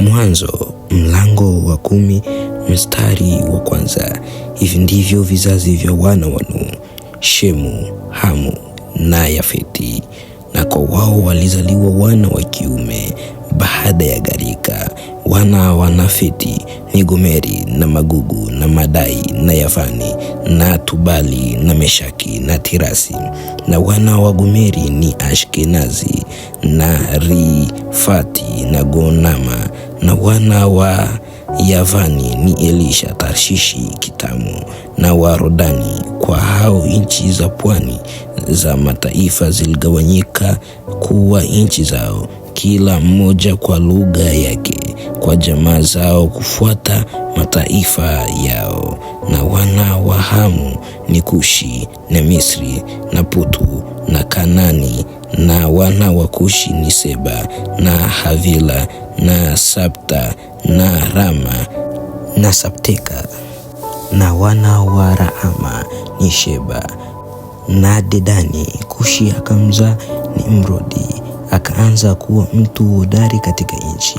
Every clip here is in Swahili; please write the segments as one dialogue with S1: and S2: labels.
S1: Mwanzo mlango wa kumi mstari wa kwanza. Hivi ndivyo vizazi vya wana wa Nuhu, Shemu, Hamu na Yafeti, na kwa wao walizaliwa wana wa kiume baada ya gharika. Wana wa nafeti ni Gomeri na Magugu na Madai na Yavani na Tubali na Meshaki na Tirasi. Na wana wa Gomeri ni Ashkenazi na Rifati na Gonama. Na wana wa Yavani ni Elisha, Tarshishi, Kitamu na Warodani. Kwa hao nchi za pwani za mataifa ziligawanyika kuwa nchi zao, kila mmoja kwa lugha yake kwa jamaa zao kufuata mataifa yao, na wana wa Hamu ni Kushi na Misri na Putu na Kanani, na wana wa Kushi ni Seba na Havila na sapta na Rama na Sapteka, na wana wa Raama ni Sheba na Dedani. Kushi ni mrodi akaanza kuwa mtu hodari katika nchi.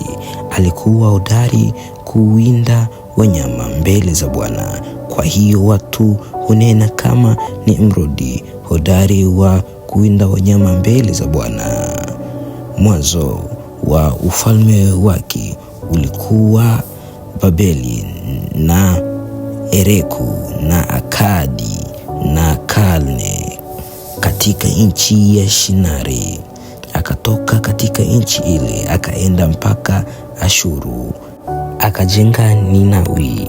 S1: Alikuwa hodari kuwinda wanyama mbele za Bwana. Kwa hiyo watu hunena kama ni Nimrodi, hodari wa kuwinda wanyama mbele za Bwana. Mwanzo wa ufalme wake ulikuwa Babeli na Ereku na Akadi na Kalne katika nchi ya Shinari akatoka katika nchi ile akaenda mpaka Ashuru, akajenga Ninawi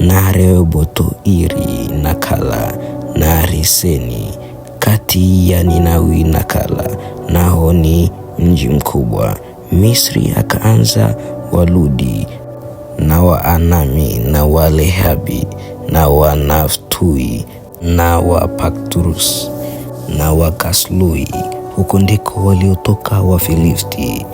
S1: na reobotoiri iri na Kala na riseni kati ya Ninawi na Kala, nao ni mji mkubwa. Misri akaanza Waludi na Waanami na Walehabi na Wanaftui na Wapakturus na Wakaslui huko ndiko waliotoka Wafilisti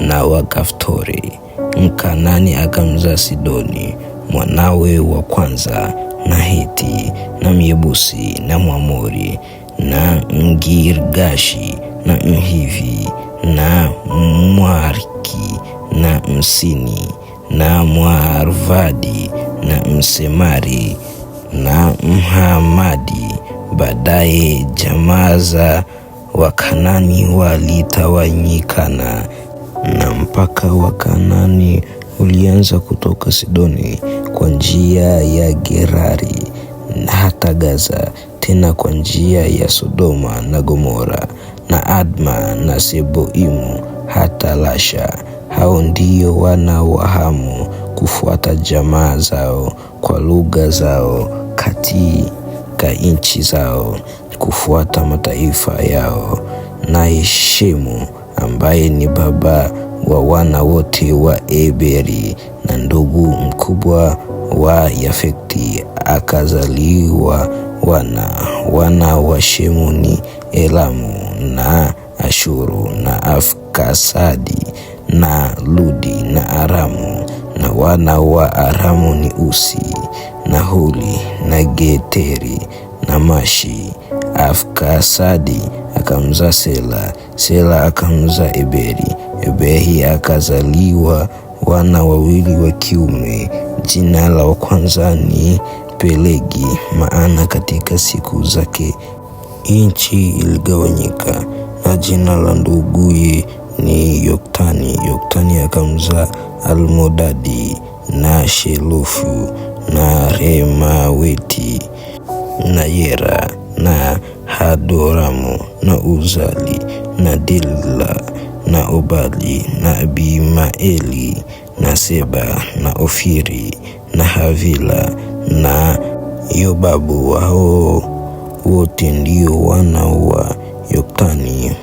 S1: na Wakaftori. Mkanani akamzaa Sidoni mwanawe wa kwanza, na Heti na Myebusi na Mwamori na Mgirgashi na Mhivi na Mwariki na Msini na Mwarvadi na Msemari na Mhamadi. Baadaye jamaa za Wakanani walitawanyikana na, mpaka wa ulianza kutoka Sidoni kwa njia ya Gerari na hata Gaza, tena kwa njia ya Sodoma na Gomora na Adma na Seboimu hata Lasha. Hao ndio wana wa Hamu kufuata jamaa zao kwa lugha zao katika nchi zao kufuata mataifa yao. heshimu ambaye ni baba wa wana wote wa Eberi na ndugu mkubwa wa Yafeti, akazaliwa wana. Wana wa Shemu ni Elamu na Ashuru na Afkasadi na Ludi na Aramu, na wana wa Aramu ni Usi na Huli na Geteri na Mashi. Afkasadi akamzaa Sela, Sela akamzaa Eberi, Eberi akazaliwa wana wawili wa kiume. Jina la kwanza ni Pelegi, maana katika siku zake nchi iligawanyika, na jina la nduguye ni Yoktani. Yoktani akamzaa Almodadi na Shelofu na Remaweti na Yera na Hadoramu na Uzali na Dilla na Obali na Abimaeli na Seba na Ofiri na Havila na Yobabu. Wao wote ndio wana wa Yoktani.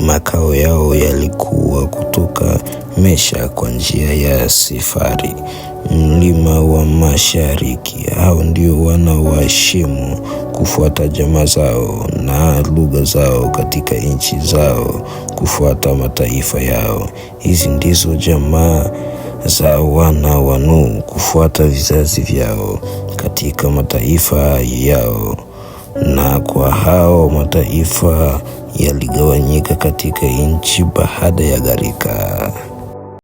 S1: Makao yao yalikuwa kutoka Mesha kwa njia ya sifari mlima wa mashariki. Hao ndio wana wa Shemu kufuata jamaa zao na lugha zao katika nchi zao kufuata mataifa yao. Hizi ndizo jamaa za wana wa Nuhu kufuata vizazi vyao katika mataifa yao na kwa hao mataifa yaligawanyika katika nchi baada ya gharika.